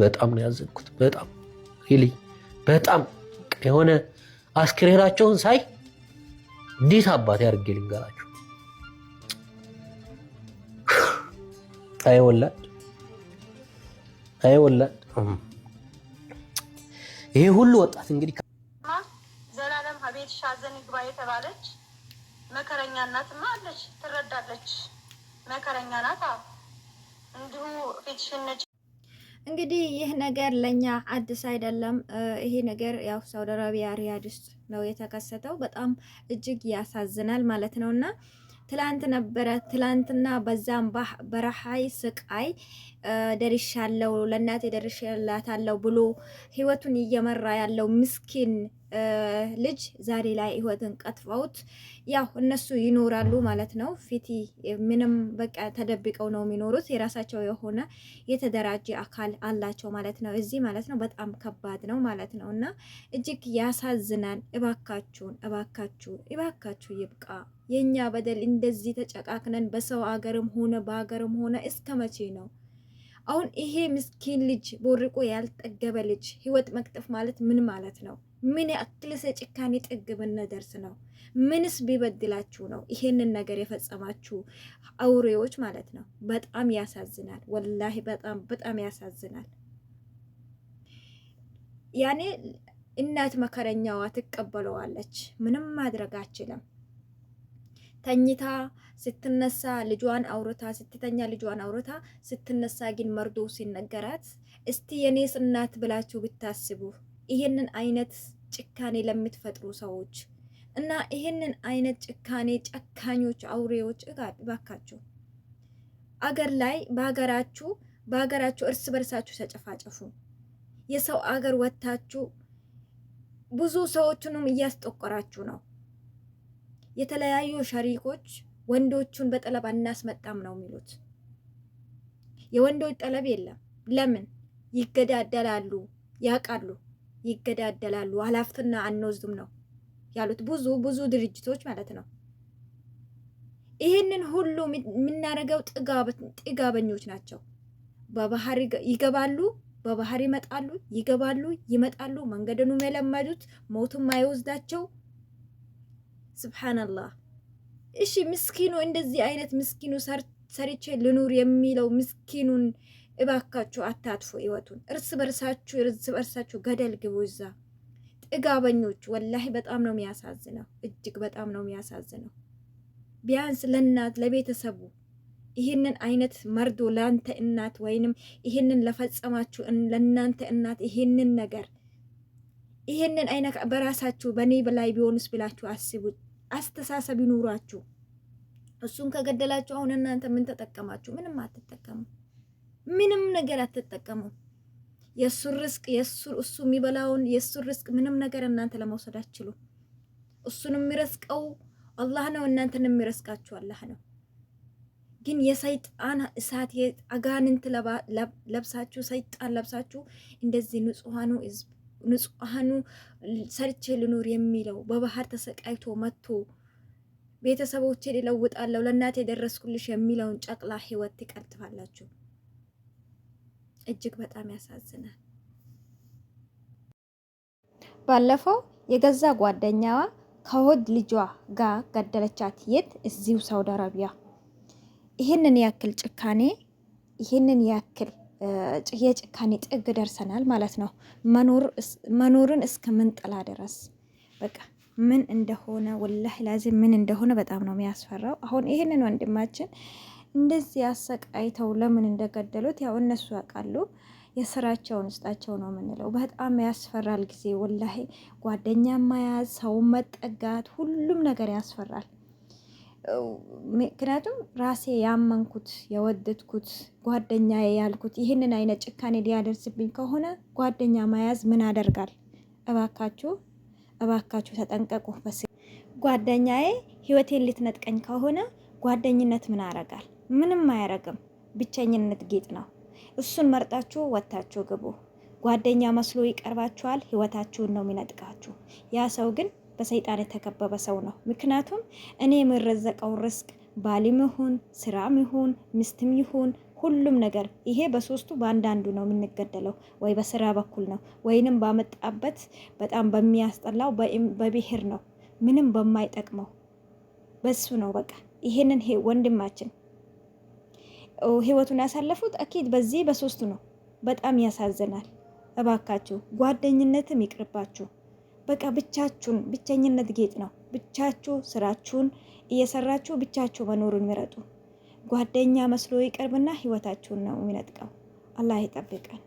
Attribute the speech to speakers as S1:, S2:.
S1: በጣም ነው ያዘንኩት። በጣም ሪሊ በጣም የሆነ አስክሬናቸውን ሳይ እንዴት አባቴ አድርጌ ልንገራቸው። አይ ወላድ አይ ወላድ ይሄ ሁሉ ወጣት እንግዲህ
S2: ዘላለም አቤት ሻዘን ግባ የተባለች መከረኛ እናትማ አለች፣ ትረዳለች። መከረኛ ናት። እንዲሁ ፊትሽን
S3: እንግዲህ ይህ ነገር ለእኛ አዲስ አይደለም። ይሄ ነገር ያው ሳውዲ አረቢያ ሪያድ ውስጥ ነው የተከሰተው። በጣም እጅግ ያሳዝናል ማለት ነው እና ትላንት ነበረ ትላንትና በዛም በረሃይ ስቃይ ደርሻለው ለእናቴ ደርሻላታለሁ ብሎ ህይወቱን እየመራ ያለው ምስኪን ልጅ ዛሬ ላይ ህይወትን ቀጥፈውት ያው እነሱ ይኖራሉ ማለት ነው። ፊቲ ምንም በቃ ተደብቀው ነው የሚኖሩት። የራሳቸው የሆነ የተደራጀ አካል አላቸው ማለት ነው እዚህ ማለት ነው። በጣም ከባድ ነው ማለት ነው እና እጅግ ያሳዝናል። እባካችሁን እባካችሁ እባካችሁ ይብቃ። የእኛ በደል እንደዚህ ተጨቃክነን በሰው አገርም ሆነ በሀገርም ሆነ እስከ መቼ ነው? አሁን ይሄ ምስኪን ልጅ ቦርቆ ያልጠገበ ልጅ ህይወት መቅጠፍ ማለት ምን ማለት ነው? ምን ያክል ጭካኔ ጥግ ብንደርስ ነው? ምንስ ቢበድላችሁ ነው ይሄንን ነገር የፈጸማችሁ አውሬዎች ማለት ነው? በጣም ያሳዝናል። ወላሂ በጣም በጣም ያሳዝናል። ያኔ እናት መከረኛዋ ትቀበለዋለች። ምንም ማድረግ አችልም። ተኝታ ስትነሳ ልጇን አውርታ ስትተኛ ልጇን አውርታ ስትነሳ ግን መርዶ ሲነገራት እስቲ የኔስ እናት ብላችሁ ብታስቡ። ይህንን አይነት ጭካኔ ለምትፈጥሩ ሰዎች እና ይህንን አይነት ጭካኔ ጨካኞች፣ አውሬዎች እባካችሁ አገር ላይ በሀገራችሁ በሀገራችሁ እርስ በርሳችሁ ተጨፋጨፉ። የሰው አገር ወጥታችሁ ብዙ ሰዎችንም እያስጠቆራችሁ ነው የተለያዩ ሸሪኮች ወንዶቹን በጠለብ አናስመጣም ነው የሚሉት። የወንዶች ጠለብ የለም። ለምን ይገዳደላሉ? ያውቃሉ፣ ይገዳደላሉ። አላፍትና አንወዝዱም ነው ያሉት ብዙ ብዙ ድርጅቶች ማለት ነው። ይህንን ሁሉ የምናደርገው ጥጋበኞች ናቸው። በባህር ይገባሉ፣ በባህር ይመጣሉ፣ ይገባሉ፣ ይመጣሉ። መንገድኑም የለመዱት ሞቱም አይወስዳቸው። ስብሓነላህ እሺ ምስኪኑ እንደዚህ አይነት ምስኪኑ ሰርቼ ልኑር የሚለው ምስኪኑን እባካችሁ አታጥፎ ህይወቱን። እርስ በርሳችሁ እርስ በርሳችሁ ገደል ግቡ። እዛ ጥጋበኞች፣ ወላሂ በጣም ነው የሚያሳዝነው፣ እጅግ በጣም ነው የሚያሳዝነው። ቢያንስ ለእናት ለቤተሰቡ ይህንን አይነት መርዶ ለአንተ እናት ወይንም ይህንን ለፈጸማችሁ ለእናንተ እናት ይህንን ነገር ይህንን አይነት በራሳችሁ በእኔ በላይ ቢሆንስ ብላችሁ አስቡት። አስተሳሰብ ይኖራችሁ እሱን ከገደላችሁ አሁን እናንተ ምን ተጠቀማችሁ? ምንም አትጠቀሙ። ምንም ነገር አትጠቀሙ። የእሱ ርስቅ የእሱ እሱ የሚበላውን የእሱ ርስቅ ምንም ነገር እናንተ ለመውሰድ አትችሉ። እሱን የሚረስቀው አላህ ነው። እናንተን የሚረስቃችሁ አላህ ነው። ግን የሰይጣን እሳት አጋንንት ለብሳችሁ ሰይጣን ለብሳችሁ እንደዚህ ንጹሐኑ ህዝብ ንጹሐኑ ሰርቼ ልኑር የሚለው በባህር ተሰቃይቶ መጥቶ ቤተሰቦቼ እለውጣለሁ ለእናቴ የደረስኩልሽ የሚለውን ጨቅላ ህይወት ትቀጥፋላችሁ። እጅግ በጣም ያሳዝናል። ባለፈው የገዛ ጓደኛዋ ከሆድ ልጇ ጋር ገደለቻት። የት? እዚሁ ሳውዲ አረቢያ። ይህንን ያክል ጭካኔ፣ ይህንን ያክል የጭካኔ ጥግ ደርሰናል ማለት ነው። መኖርን እስከ ጥላ ድረስ በቃ ምን እንደሆነ ወላሂ ላዚም ምን እንደሆነ በጣም ነው የሚያስፈራው። አሁን ይህንን ወንድማችን እንደዚህ አሰቃይተው ለምን እንደገደሉት ያው እነሱ ያውቃሉ። የስራቸውን ውስጣቸው ነው የምንለው። በጣም ያስፈራል ጊዜ ወላሂ ጓደኛ መያዝ፣ ሰው መጠጋት፣ ሁሉም ነገር ያስፈራል። ምክንያቱም ራሴ ያመንኩት የወደድኩት ጓደኛዬ ያልኩት ይህንን አይነት ጭካኔ ሊያደርስብኝ ከሆነ ጓደኛ መያዝ ምን አደርጋል? እባካችሁ እባካችሁ ተጠንቀቁ። በስ ጓደኛዬ ህይወቴን ልትነጥቀኝ ከሆነ ጓደኝነት ምን አረጋል? ምንም አያረግም። ብቸኝነት ጌጥ ነው። እሱን መርጣችሁ ወታችሁ ግቡ። ጓደኛ መስሎ ይቀርባችኋል። ህይወታችሁን ነው የሚነጥቃችሁ። ያ ሰው ግን በሰይጣን የተከበበ ሰው ነው። ምክንያቱም እኔ የምረዘቀው ርስቅ ባልም ይሁን ስራም ይሁን ምስትም ይሁን ሁሉም ነገር ይሄ በሶስቱ በአንዳንዱ ነው የምንገደለው። ወይ በስራ በኩል ነው ወይንም ባመጣበት በጣም በሚያስጠላው በብሔር ነው ምንም በማይጠቅመው በሱ ነው። በቃ ይሄንን ወንድማችን ህይወቱን ያሳለፉት አኪድ በዚህ በሶስቱ ነው። በጣም ያሳዝናል። እባካችሁ ጓደኝነትም ይቅርባችሁ። በቃ ብቻችሁን፣ ብቸኝነት ጌጥ ነው። ብቻችሁ ስራችሁን እየሰራችሁ ብቻችሁ መኖሩን ምረጡ። ጓደኛ መስሎ ይቀርብና ህይወታችሁን ነው የሚነጥቀው። አላህ ይጠብቀን።